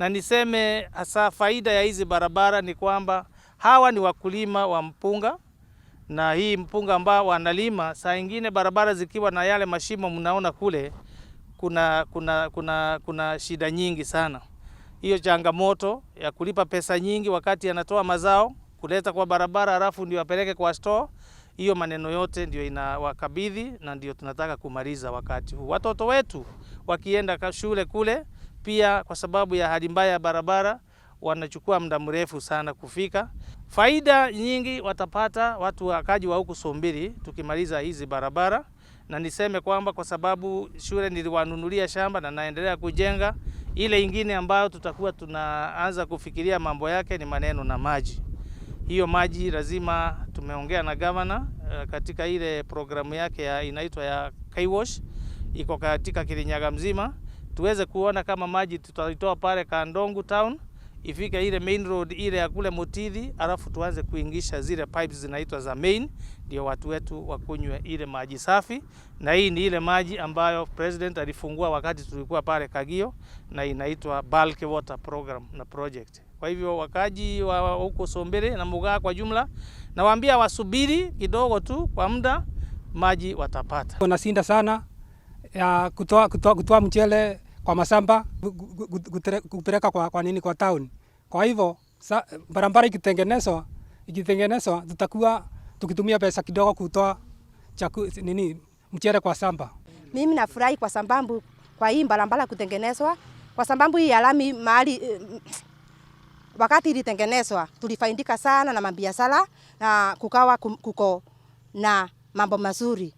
na niseme hasa faida ya hizi barabara ni kwamba hawa ni wakulima wa mpunga, na hii mpunga ambao wanalima, saa ingine barabara zikiwa na yale mashimo mnaona kule, kuna, kuna, kuna, kuna shida nyingi sana. Hiyo changamoto ya kulipa pesa nyingi wakati anatoa mazao kuleta kwa barabara halafu ndio apeleke kwa store. Hiyo maneno yote ndio inawakabidhi na ndio tunataka kumaliza wakati huu. Watoto wetu wakienda shule kule pia kwa sababu ya hali mbaya ya barabara wanachukua muda mrefu sana kufika. Faida nyingi watapata watu wakaji wa huku Sumbiri tukimaliza hizi barabara, na niseme kwamba kwa sababu shule niliwanunulia shamba na naendelea kujenga ile ingine ambayo tutakuwa tunaanza kufikiria mambo yake ni maneno na maji. Hiyo maji lazima tumeongea na gavana eh, katika ile programu yake ya inaitwa ya Kaiwash iko katika Kirinyaga mzima tuweze kuona kama maji tutaitoa pale Kandongu town ifike ile main road ile ya kule Mutithi, alafu tuanze kuingisha zile pipes zinaitwa za main, ndio watu wetu wakunywe ile maji safi. Na hii ni ile maji ambayo president alifungua wakati tulikuwa pale Kagio, na inaitwa bulk water program na project. Kwa hivyo wakaji wa huko Sombere na Mugaa kwa jumla, nawaambia wasubiri kidogo tu, kwa muda maji watapata. Wanasinda sana ya kutoa, kutoa, kutoa mchele kwa masamba kupeleka kwa, kwa nini kwa town. Kwa hivyo barabara ikitengenezwa ikitengenezwa tutakuwa tukitumia pesa kidogo kutoa chaku, nini mchele kwa samba. Mimi nafurahi kwa sababu kwa hii barabara kutengenezwa, kwa sababu hii alami mahali eh, wakati ilitengenezwa tulifaindika sana na mabiashara na kukawa kuko na mambo mazuri.